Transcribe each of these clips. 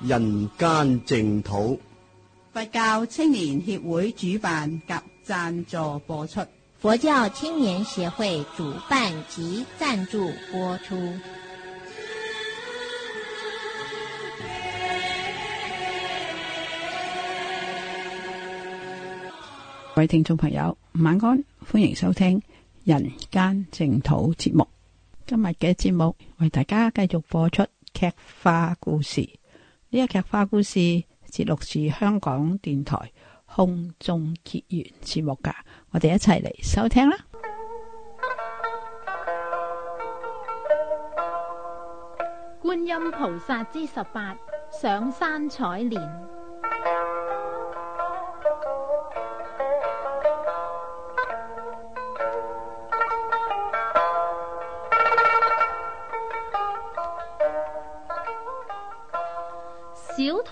人間淨土，佛教青年協會主辦及贊助播出。佛教青年協會主辦及贊助播出。各位聽眾朋友，晚安，歡迎收聽《人間淨土》節目。今日嘅節目為大家繼續播出劇化故事。呢一劇化故事節錄住香港電台空中結緣節目噶，我哋一齊嚟收聽啦！觀音菩薩之十八，上山採蓮。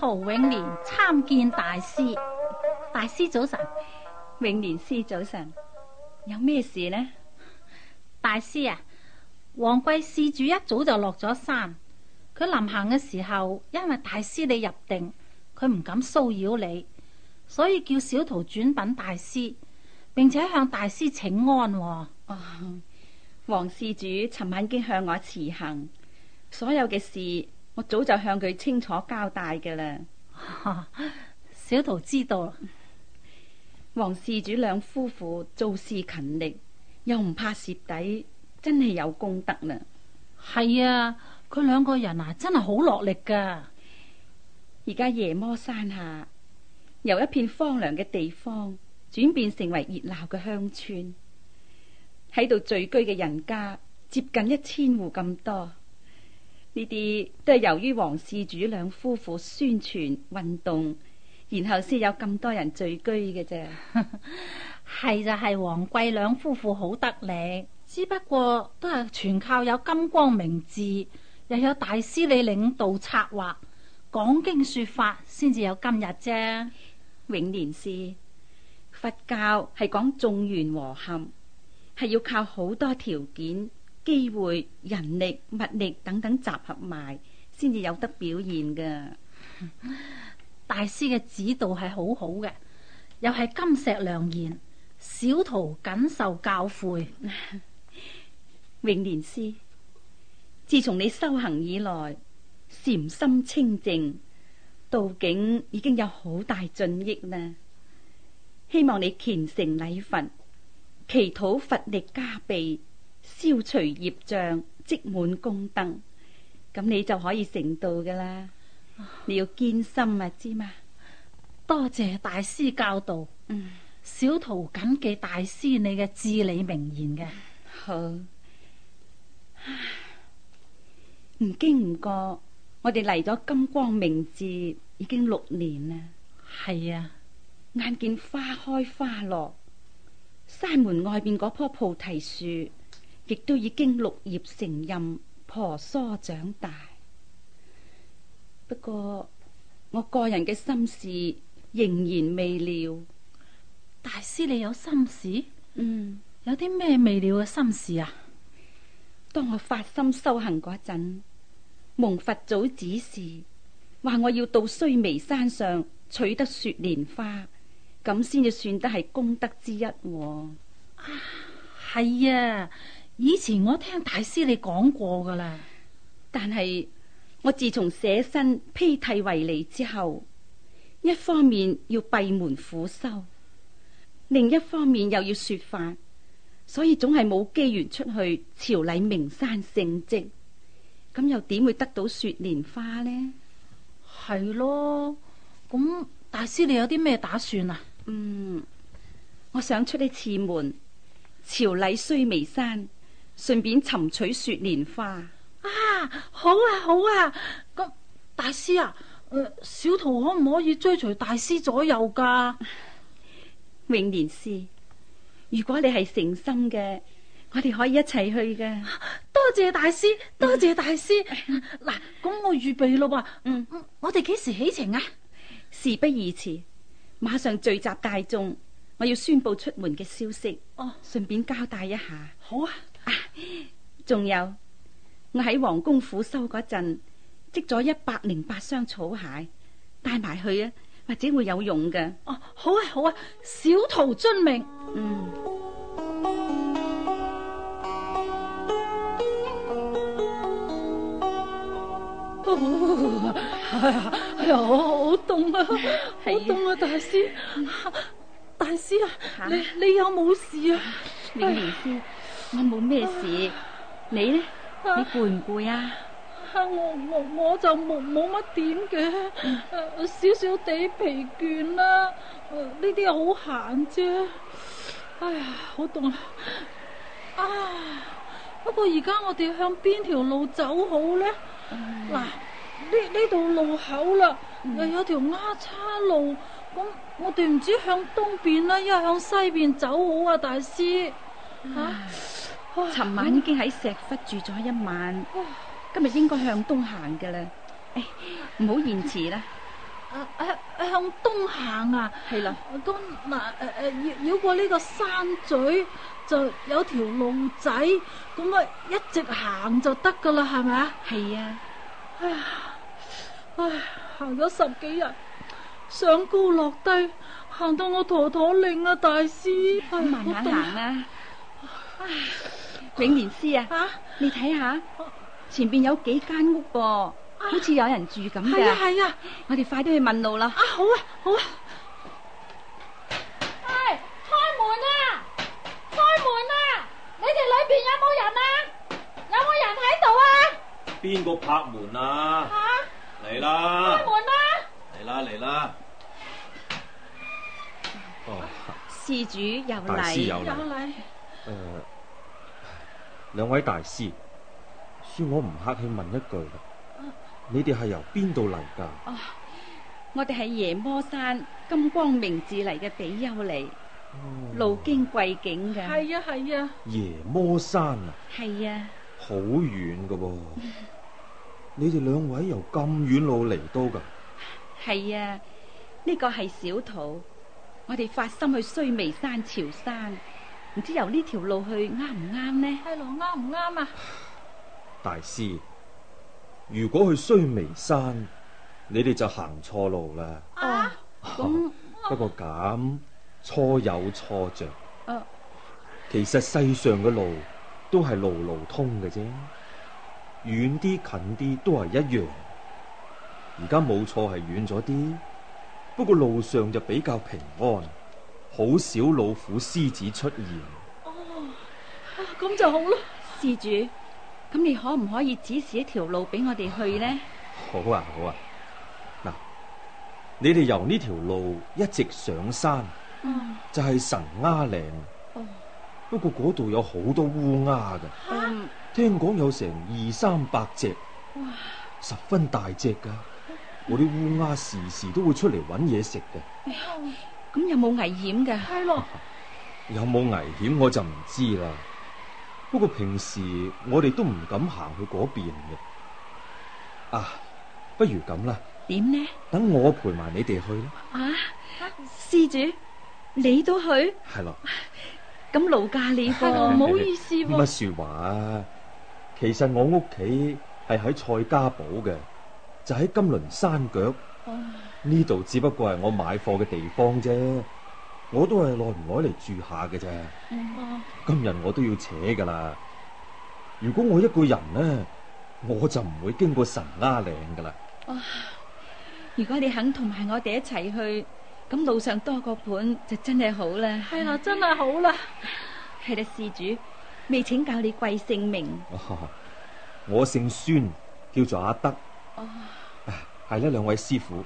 敖永年參見大師，大師早晨。永年師早晨，有咩事呢？大師啊，王貴施主一早就落咗山，佢臨行嘅時候，因為大師你入定，佢唔敢騷擾你，所以叫小徒轉稟大師，並且向大師請安。哦哦。王施主尋晚已經向我辭行，所有嘅事。我早就向佢清楚交代嘅啦。啊，小桃知道。黃事主兩夫婦做事勤力，又唔怕蝕底，真係有功德啦。係啊，佢兩個人啊，真係好落力噶。而家夜魔山下由一片荒涼嘅地方轉變成為熱鬧嘅鄉村，喺度聚居嘅人家接近一千戶咁多。呢啲都係由於王施主兩夫婦宣傳運動，然後先有咁多人聚居嘅啫。係 就係王貴兩夫婦好得力，只不過都係全靠有金光明寺，又有大師你領導策劃，講經說法先至有今日啫。永年師，佛教係講眾緣和合，係要靠好多條件。機會、人力、物力等等集合埋，先至有得表現噶。 大師嘅指導係好好嘅，又係金石良言。小徒謹受教誨。 永年師，自從你修行以來，禪心清淨，道境已經有好大進益呢。希望你虔誠禮佛，祈禱佛力加被。消除業障，積滿功德，咁你就可以成道噶啦。你要堅心啊，知嘛？多謝大師教導，嗯、小徒謹記大師你嘅至理名言嘅、嗯。好，唔經唔覺，我哋嚟咗金光明寺已經六年啦。係啊，眼見花開花落，山門外邊嗰棵菩提樹。亦都已經綠葉成蔭，婆娑長大。不過我個人嘅心事仍然未了。大師，你有心事？嗯，有啲咩未了嘅心事啊？當我發心修行嗰陣，蒙佛祖指示，話我要到須彌山上取得雪蓮花，咁先至算得係功德之一。啊，係呀、啊！以前我聽大師你講過噶啦，但係我自從捨身披剃為尼之後，一方面要閉門苦修，另一方面又要說法，所以總係冇機緣出去朝禮名山聖跡，咁又點會得到雪蓮花呢？係咯，咁大師你有啲咩打算啊？嗯，我想出呢次門朝禮須彌山。順便尋取雪蓮花啊！好啊，好啊！咁大師啊，呃、小徒可唔可以追隨大師左右噶？永、啊、年師，如果你係誠心嘅，我哋可以一齊去嘅。多謝大師，多謝大師！嗱，咁我預備咯，嗯，我哋幾、嗯、時起程啊？事不宜遲，馬上聚集大眾，我要宣佈出門嘅消息。哦，順便交代一下。好啊。仲、啊、有，我喺皇宮府收嗰陣，織咗一百零八雙草鞋，帶埋去啊，或者會有用嘅。哦、啊，好啊，好啊，小徒遵命。嗯。哦哎哎、好凍啊，啊好凍啊，大師，大師啊，你你有冇事啊？你、哎我冇咩事，啊、你呢？啊、你攰唔攰啊？我我我就冇冇乜點嘅、嗯啊，少少地疲倦啦。呢啲又好閒啫。哎呀，好凍啊，啊！不過而家我哋向邊條路走好呢？嗱唉，呢呢度路口啦，嗯、又有條丫叉路。咁我哋唔知向東邊啦，一係向西邊走好啊，大師。吓、啊？啊尋晚已經喺石窟住咗一晚，今日應該向東行噶啦。誒，唔好延遲啦。啊啊！向東行啊，係啦。咁嗱誒誒，繞繞過呢個山嘴，就有條路仔，咁啊一直行就得噶啦，係咪啊？係啊。哎呀，唉，行咗十幾日，上高落低，行到我陀陀擰啊，大師。慢慢行啊。永年師啊，你睇下前邊有幾間屋噃，好似有人住咁嘅。係啊係啊，我哋快啲去問路啦。啊好啊好啊！哎，開門啊，開門啊！你哋裏邊有冇人啊？有冇人喺度啊？邊個拍門啊？嚟啦！開門啦！嚟啦嚟啦！哦，施主有禮有禮。誒。兩位大師，恕我唔客氣問一句，啊、你哋係由邊度嚟噶？我哋係夜摩山金光明寺嚟嘅比丘嚟，哦、路經貴景境。嘅。係啊係啊！夜摩山啊，係啊，好遠嘅喎、啊！ 你哋兩位由咁遠路嚟到噶？係啊，呢、這個係小土，我哋發心去須彌山朝山。唔知由呢條路去啱唔啱呢？係路啱唔啱啊？大師，如果去須彌山，你哋就行錯路啦。哦，咁不過咁錯有錯着。啊，其實世上嘅路都係路路通嘅啫，遠啲近啲都係一樣。而家冇錯係遠咗啲，不過路上就比較平安。好少老虎、獅子出現。哦，咁、啊、就好啦。施主，咁你可唔可以指示一條路俾我哋去呢、啊？好啊，好啊。嗱，你哋由呢條路一直上山，嗯、就係神鴉嶺。哦、不過嗰度有好多烏鴉噶，哈聽講有成二三百隻，哇十分大隻噶。我啲烏鴉時時都會出嚟搵嘢食嘅。嗯咁有冇危險嘅？係咯的、啊，有冇危險我就唔知啦。不過平時我哋都唔敢行去嗰邊嘅。啊，不如咁啦，點呢？等我陪埋你哋去咯。啊，施主，你都去？係咯的。咁勞駕你，係咯，唔好意思、啊。乜說話啊？其實我屋企係喺蔡家堡嘅，就喺、是、金輪山腳。啊呢度只不過係我買貨嘅地方啫，我都係耐唔耐嚟住下嘅啫。今日我都要扯噶啦。如果我一個人呢，我就唔會經過神丫嶺噶啦。哇！如果你肯同埋我哋一齊去，咁路上多個伴就真係好啦。係啦、啊，真係好啦。係啦，施主，未請教你貴姓名、哦。我姓孫，叫做阿德。哦，係啦、哎，兩位師傅。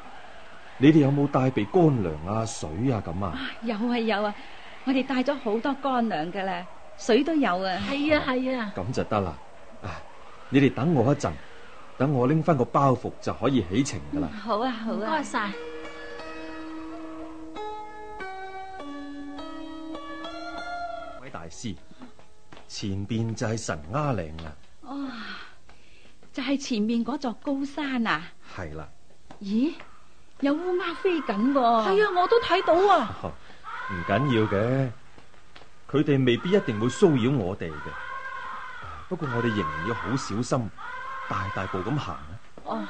你哋有冇帶備乾糧啊、水啊咁啊，啊？有啊有啊，我哋帶咗好多乾糧噶啦，水都有啊。係啊係啊，咁、啊啊、就得啦、啊。你哋等我一陣，等我拎翻個包袱就可以起程噶啦、嗯。好啊好啊，多謝晒！位大師，前邊就係神丫嶺啦。哇、哦！就係、是、前面嗰座高山啊？係啦、啊。咦？有烏鴉飛緊噃，係啊，我都睇到啊。唔緊要嘅，佢哋未必一定會騷擾我哋嘅。不過我哋仍然要好小心，大大步咁行啊。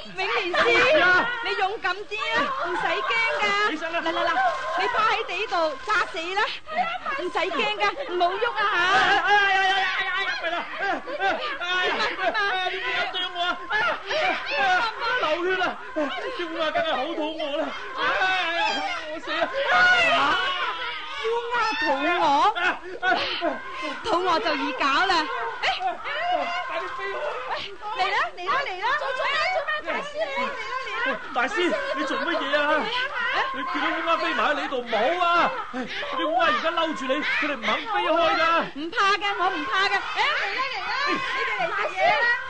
永年師，你勇敢啲啊，唔使驚噶。起身啦，嚟嚟嚟，你趴喺地度炸死啦，唔使驚噶，唔好喐啊吓！哎呀呀呀呀呀呀！唔係啦，哎哎哎呀！你點解啄我啊？阿媽，流血啦，阿媽梗係好肚餓啦，我死啦！烏鴉肚餓，肚餓就易搞啦。哎，喂，嚟啦嚟啦嚟啦！做乜嘢？做乜嘢？大師，你做乜嘢啊？你見到啲烏鴉飛埋喺你度唔好啊！啲烏鴉而家嬲住你，佢哋唔肯飛開噶。唔怕嘅，我唔怕嘅。哎，嚟啦嚟啦，你哋嚟嘅。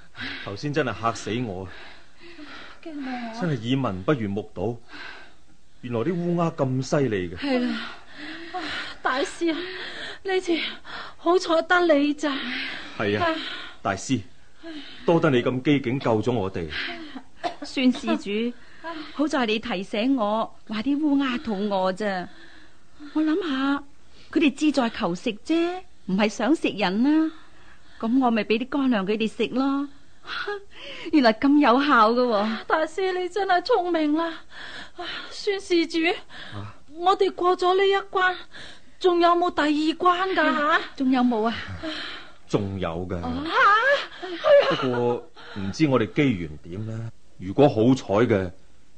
頭先真係嚇死我，我真係耳聞不如目睹。原來啲烏鴉咁犀利嘅。係啦，大師啊，呢次好彩得你咋。係啊，大師，多得你咁機警救咗我哋。孫施主， 好在你提醒我，話啲烏鴉肚餓啫。我諗下，佢哋志在求食啫，唔係想食人啦、啊。咁我咪俾啲乾糧佢哋食咯。原來咁有效噶、啊，大師你真係聰明啦，孫、啊、施主，啊、我哋過咗呢一關，仲有冇第二關噶？吓，仲有冇啊？仲有噶、啊，吓，不過唔知我哋機緣點呢？如果好彩嘅，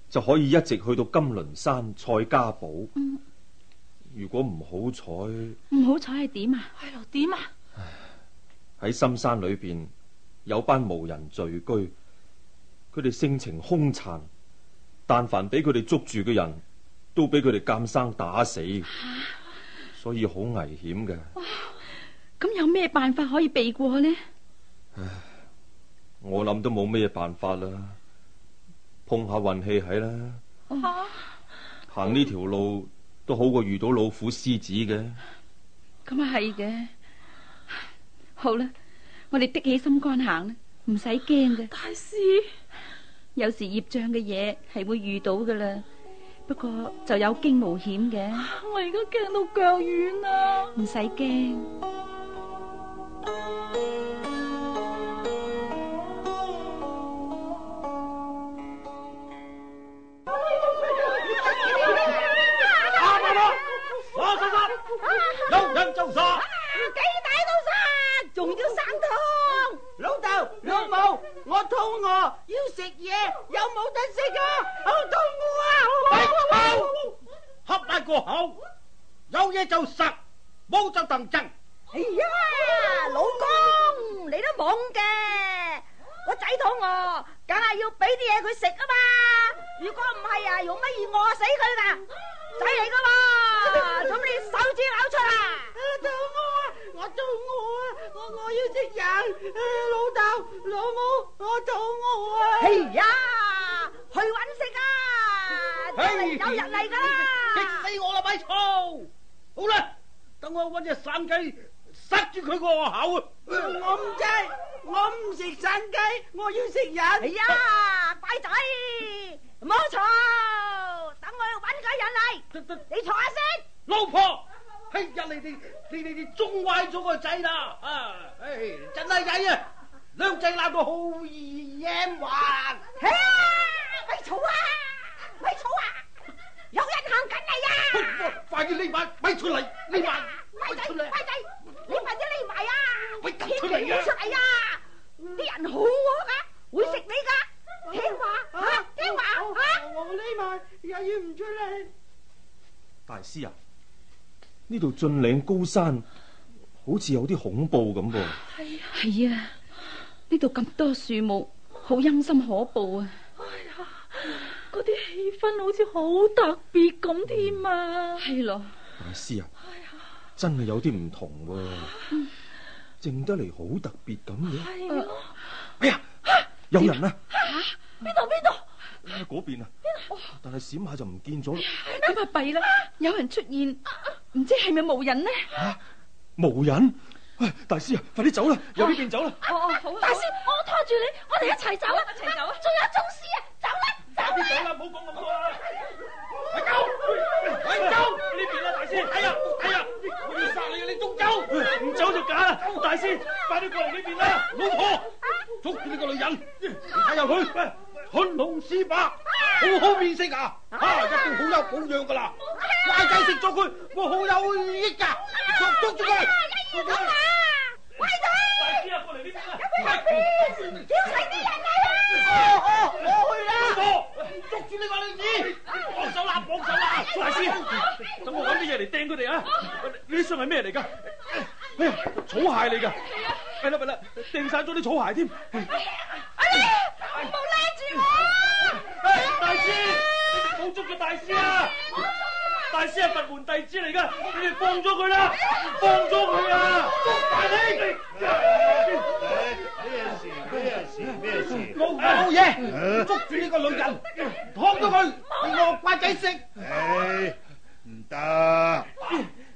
就可以一直去到金輪山蔡家堡。如果唔好彩，唔好彩係點啊？係咯，點啊？喺深山裏邊。有班無人聚居，佢哋性情兇殘，但凡俾佢哋捉住嘅人都俾佢哋監生打死，所以好危險嘅。咁 有咩辦法可以避過呢？唉，我諗都冇咩辦法啦，碰下運氣係啦。行呢條路都好過遇到老虎獅子嘅。咁啊係嘅， 是的是的 好啦。我哋的起心肝行啦，唔使驚嘅。大師，有時業障嘅嘢係會遇到噶啦，不過就有驚無險嘅。我而家驚到腳軟喇！唔使驚。殺！殺！殺！殺人！殺！仲要生痛，老豆老母，我肚餓，要食嘢，有冇得食啊？好肚餓啊！老母，合埋個口，有嘢就食，冇就鄧陣。哎呀，老公，你都懵嘅，我仔肚餓，梗係要俾啲嘢佢食啊嘛！如果唔係啊，用乜嘢餓死佢噶？仔嚟噶嘛，咁你手指咬出啊？肚餓啊！我肚餓啊！我我要食人，老豆老母，我肚餓啊！係呀，去搵食啊！有人嚟噶啦！激死我啦！咪嘈！好啦，等我搵隻生雞塞住佢個口啊！我唔制，我唔食生雞，我要食人。哎呀，乖仔，唔好嘈，等我去搵個人嚟。你嘈下先，老婆。哎呀！你哋你你哋中壞咗個仔啦！啊，哎，真係仔啊，兩仔鬧到好耳眼話。呢度峻嶺高山，好似有啲恐怖咁噃。係啊，係啊，呢度咁多樹木，好陰森可怖啊！哎呀，嗰啲氣氛好似好特別咁添啊！係咯，大師啊，真係有啲唔同喎，靜得嚟好特別咁嘅。係哎呀，有人啊，邊度邊度？邊啊，但係閃下就唔見咗啦。咁啊弊啦，有人出現，唔知係咪無忍呢？吓，無忍！大師啊，快啲走啦，由呢邊走啦。哦，大師，我拖住你，我哋一齊走啦。一齊走啊！仲有宗師啊，走啦，走啦！唔好講咁多啦，快走！快走！呢邊啊，大師。哎呀，哎呀，我要殺你！你仲走？唔走就假啦！大師，快啲過嚟呢邊啦！老婆，捉住呢個女人，其他由佢。龍師伯，好好面色啊！啊，一定好有保養噶啦！壞仔食咗佢，我好有益噶！捉捉住佢！有異同啊！壞仔！快啲啊，過嚟呢邊啊！有佢喺邊，要係啲人嚟啊！哦哦，我去啦！捉住呢個女子，放手啦，放手啦！大師，等我揾啲嘢嚟掟佢哋啊！呢啲傷係咩嚟噶？哎呀，草鞋嚟噶！係啊！係啦係啦，掟晒咗啲草鞋添。哎呀！啊！哎，大師，我捉住大師啊！大師係佛門弟子嚟噶，你哋放咗佢啦，放咗佢啊！捉大你！咩事？咩事？咩事？老老嘢，捉住呢個女人，拖咗佢俾個乖仔食。哎，唔得，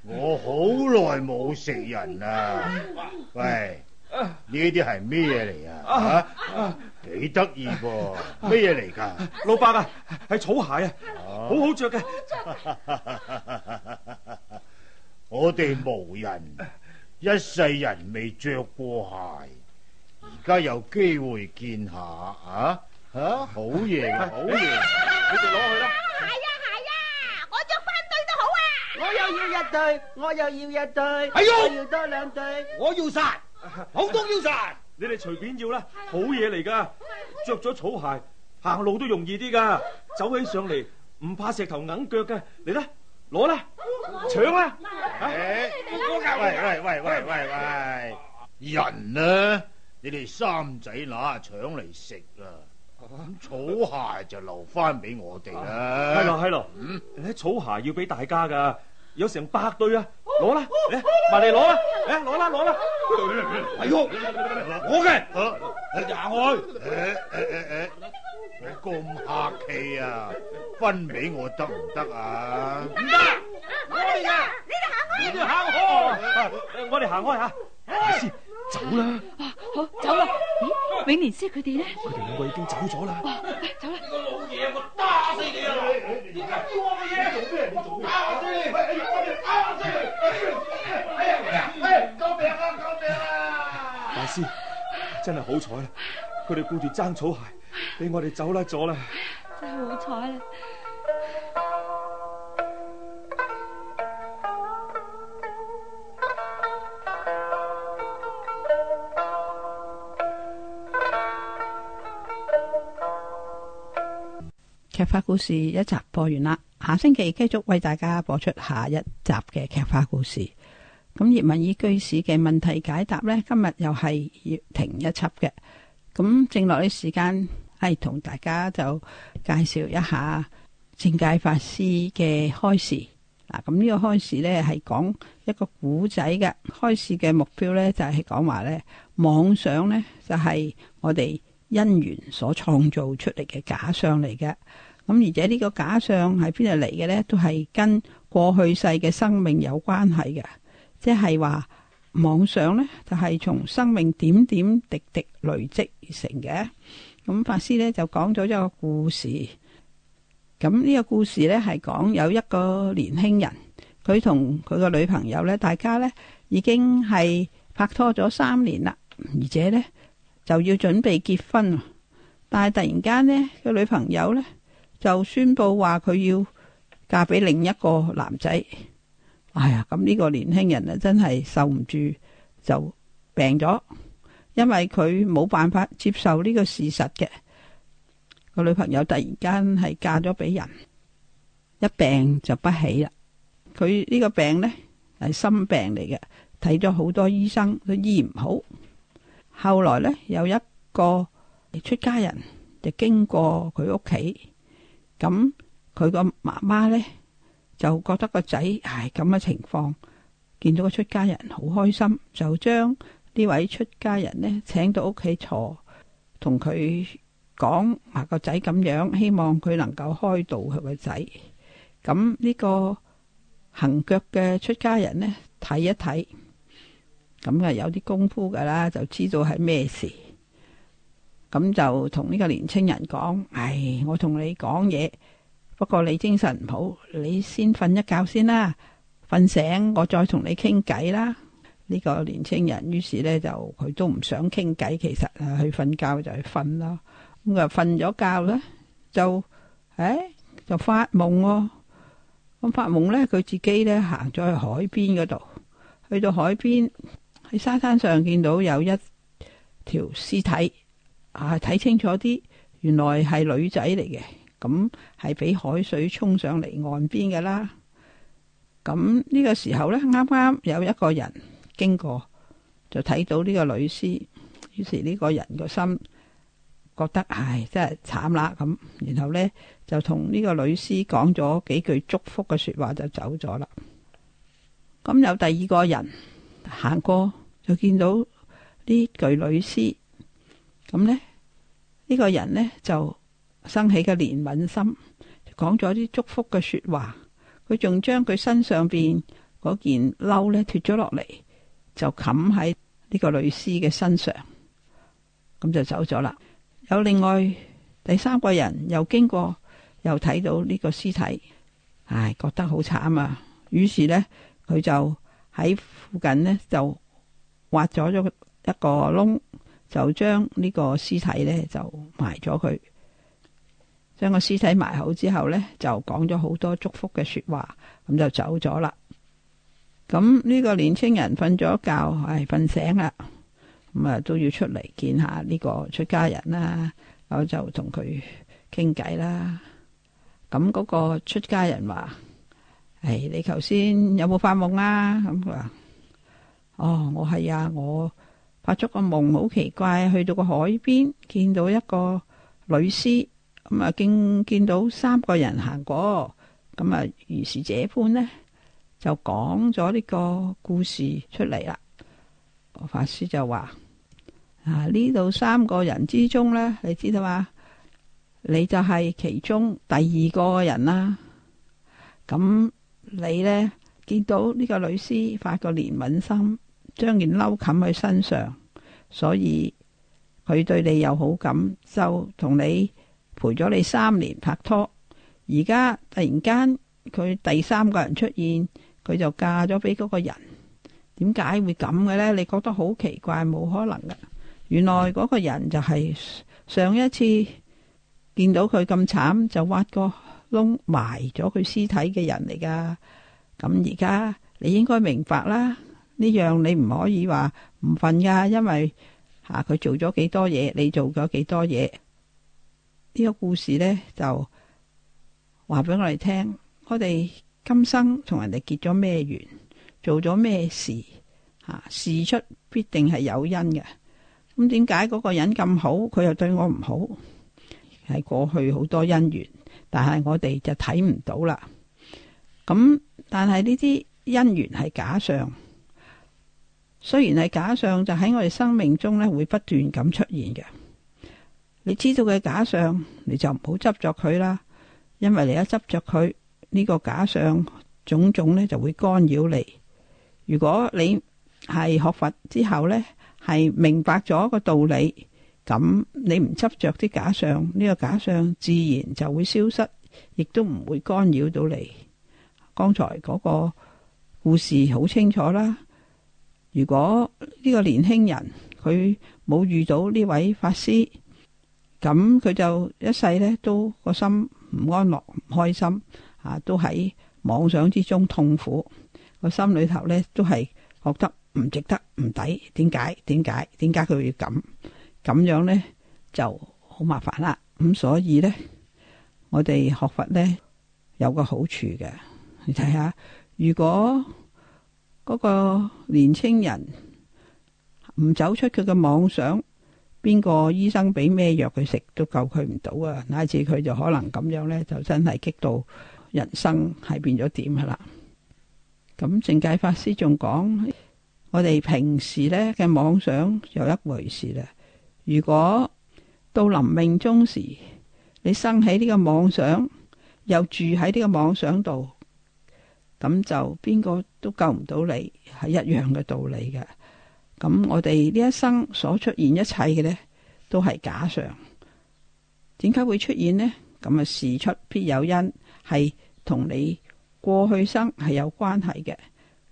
我好耐冇食人啦，喂。呢啲係咩嘢嚟啊？幾得意噃。咩嘢嚟噶？老伯啊，係草鞋啊，啊好啊，好着嘅。 我哋無人一世人未着過鞋，而家有機會見下啊？吓，好嘢！好嘢！你哋攞去啦。係啊係啊，我着翻對都好啊！我又要一對，我又要一對，呀我要多兩對，我要晒。好多要晒，你哋隨便要啦，好嘢嚟噶，着咗草鞋行路都容易啲噶，走起上嚟唔怕石頭硬腳噶，嚟啦，攞啦，搶啦，吓，多噶，喂喂喂喂喂喂，人啊？你哋三仔乸搶嚟食啊，咁草鞋就留翻俾我哋啦。係咯係咯，嗯，啲草鞋要俾大家噶，有成百對啊。攞啦，嚟，埋嚟攞啦，嚟，攞啦，攞啦。哎喲，我嘅，你哋行開。誒誒誒誒，你咁客氣啊？分俾我得唔得啊？唔得，我嚟啦，你哋行開，你哋行開。我哋行開吓，先走啦。好，走啦。嗯，永年師佢哋咧？佢哋兩個已經走咗啦。走啦，老嘢，我打死你啊！你個老嘢，我打死你，打死你。 哎呀，救命啊！救命啊！大師、啊，真係好彩啦，佢哋顧住爭草鞋，俾我哋走甩咗啦，真係好彩啦。劇化故事一集播完啦，下星期繼續為大家播出下一集嘅劇化故事。咁葉文以居士嘅問題解答呢，今日又係要停一輯嘅。咁剩落啲時間係同大家就介紹一下淨界法師嘅開示。嗱、啊、咁、這、呢個開示呢，係講一個古仔嘅開示嘅目標呢就係、是、講話呢妄想呢，就係、是、我哋因緣所創造出嚟嘅假相嚟嘅。咁而且呢個假相喺邊度嚟嘅呢？都係跟過去世嘅生命有關係嘅，即係話妄想呢，就係、是、從生命點點滴滴累積而成嘅。咁、嗯、法師呢，就講咗一個故事，咁、嗯、呢、呢個故事呢，係講有一個年輕人，佢同佢個女朋友呢，大家呢已經係拍拖咗三年啦，而且呢就要準備結婚，但係突然間呢，個女朋友呢，就宣布話佢要嫁俾另一個男仔。哎呀，咁呢個年輕人啊，真係受唔住，就病咗。因為佢冇辦法接受呢個事實嘅個女朋友突然間係嫁咗俾人，一病就不起啦。佢呢個病呢係心病嚟嘅，睇咗好多醫生都醫唔好。後來呢，有一個出家人就經過佢屋企。咁佢個媽媽呢，就覺得個仔係咁嘅情況，見到個出家人好開心，就將呢位出家人呢，請到屋企坐，同佢講啊個仔咁樣，希望佢能夠開導佢個仔。咁呢、這個行腳嘅出家人呢，睇一睇，咁啊有啲功夫噶啦，就知道係咩事。咁就同呢個年青人講，唉，我同你講嘢，不過你精神唔好，你先瞓一覺先啦。瞓醒我再同你傾偈啦。呢個年青人於是呢，就佢都唔想傾偈，其實啊去瞓覺就去瞓啦。咁佢瞓咗覺呢，就唉，就發夢哦。咁發夢呢，佢自己呢，行咗去海邊嗰度，去到海邊喺沙灘上見到有一條屍體。啊！睇清楚啲，原來係女仔嚟嘅，咁係俾海水沖上嚟岸邊嘅啦。咁呢個時候呢，啱啱有一個人經過，就睇到呢個女屍，於是呢個人個心覺得唉，真係慘啦咁。然後呢，就同呢個女屍講咗幾句祝福嘅說話，就走咗啦。咁有第二個人行過，就見到呢具女屍。咁呢，呢個人呢就生起嘅憐憫心，講咗啲祝福嘅説話。佢仲將佢身上邊嗰件褸呢脫咗落嚟，就冚喺呢個女屍嘅身上。咁就走咗啦。有另外第三個人又經過，又睇到呢個屍體，唉，覺得好慘啊！於是呢，佢就喺附近呢，就挖咗咗一個窿。就將呢個屍體呢就埋咗佢，將個屍體埋好之後呢，就講咗好多祝福嘅説話，咁、嗯、就走咗啦。咁、嗯、呢、呢個年青人瞓咗一覺，係、哎、瞓醒啦，咁、嗯、啊都要出嚟見下呢個出家人啦，我就同佢傾偈啦。咁、嗯、嗰、嗰個出家人話：唉、哎，你頭先有冇發夢啊？咁佢話：哦，我係啊，我。發咗個夢好奇怪，去到個海邊見到一個女屍，咁啊見見到三個人行過，咁啊如是這般咧就講咗呢個故事出嚟啦。法師就話：啊呢度三個人之中咧，你知道嘛？你就係其中第二個人啦。咁你咧見到呢個女屍發個憐憫心。將件褸冚喺身上，所以佢對你有好感，就同你陪咗你三年拍拖。而家突然間佢第三個人出現，佢就嫁咗俾嗰個人。點解會咁嘅呢？你覺得好奇怪，冇可能嘅。原來嗰個人就係上一次見到佢咁慘，就挖個窿埋咗佢屍體嘅人嚟噶。咁而家你應該明白啦。呢樣你唔可以話唔瞓噶，因為吓佢做咗幾多嘢，你做咗幾多嘢？呢、這個故事呢，就話俾我哋聽，我哋今生同人哋結咗咩緣，做咗咩事吓？事出必定係有因嘅。咁點解嗰個人咁好，佢又對我唔好？係過去好多因緣，但係我哋就睇唔到啦。咁但係呢啲因緣係假相。雖然係假相，就喺我哋生命中咧會不斷咁出現嘅。你知道嘅假相，你就唔好執着佢啦。因為你一執着佢，呢個假相種種咧就會干擾你。如果你係學佛之後呢，係明白咗一個道理，咁你唔執着啲假相，呢個假相自然就會消失，亦都唔會干擾到你。剛才嗰個故事好清楚啦。如果呢個年輕人佢冇遇到呢位法師，咁佢就一世咧都個心唔安樂唔開心，啊都喺妄想之中痛苦，個心裏頭咧都係覺得唔值得唔抵，點解？點解？點解佢會咁咁樣咧？就好麻煩啦。咁所以咧，我哋學佛咧有個好處嘅，你睇下，如果。嗰個年青人唔走出佢嘅妄想，邊個醫生俾咩藥佢食都救佢唔到啊！乃至佢就可能咁樣呢，就真係激到人生係變咗點噶啦！咁淨界法師仲講，我哋平時呢嘅妄想又一回事啦。如果到臨命終時，你生起呢個妄想，又住喺呢個妄想度。咁就邊個都救唔到你，係一樣嘅道理嘅。咁我哋呢一生所出現一切嘅呢，都係假象。點解會出現呢？咁啊，事出必有因，係同你過去生係有關係嘅。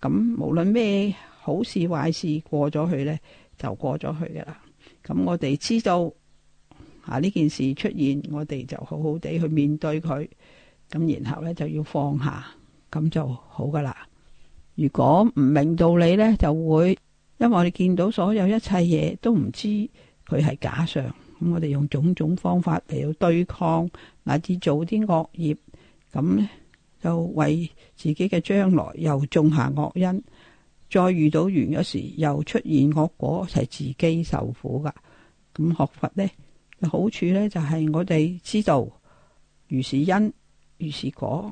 咁無論咩好事壞事過咗去呢，就過咗去嘅啦。咁我哋知道啊，呢件事出現，我哋就好好地去面對佢，咁然後呢，就要放下。咁就好噶啦。如果唔明道理呢，就會因為我哋見到所有一切嘢都唔知佢係假相，咁我哋用種種方法嚟到對抗，乃至做啲惡業，咁呢，就為自己嘅將來又種下惡因，再遇到緣嗰時又出現惡果，係自己受苦噶。咁學佛咧，好處呢，就係、是、我哋知道如是因如是果。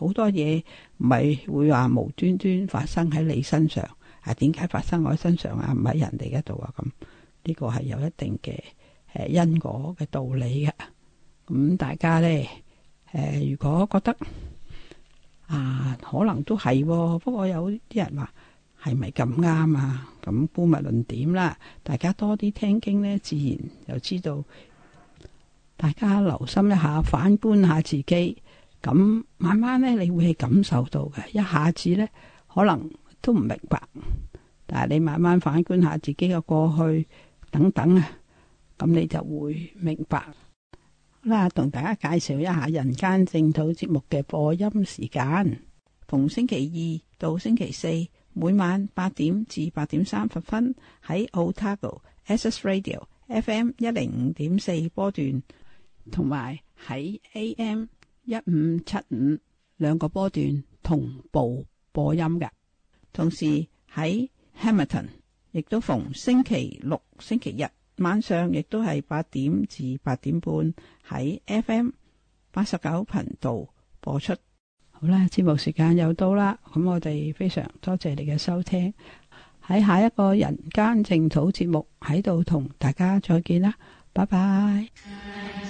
好多嘢唔係會話無端端發生喺你身上。啊，點解發生我身上啊？唔喺人哋嗰度啊？咁呢個係有一定嘅誒因果嘅道理嘅。咁大家咧誒，如果覺得啊，可能都係，啊，不過有啲人話係咪咁啱啊？咁姑勿論點啦，大家多啲聽經咧，自然就知道。大家留心一下，反觀下自己。咁慢慢咧，你會係感受到嘅。一下子咧，可能都唔明白，但係你慢慢反觀下自己嘅過去等等啊，咁你就會明白。好啦，同大家介紹一下《人間淨土》節目嘅播音時間，逢星期二到星期四每晚八點至八點三十分喺 Otago S S Radio F M 一零五點四波段，同埋喺 A M。一五七五兩個波段同步播音嘅，同時喺 Hamilton 亦都逢星期六、星期日晚上，亦都係八點至八點半喺 FM 八十九頻道播出。好啦，節目時間又到啦，咁我哋非常多謝你嘅收聽，喺下一個人間淨土節目喺度同大家再見啦，拜拜。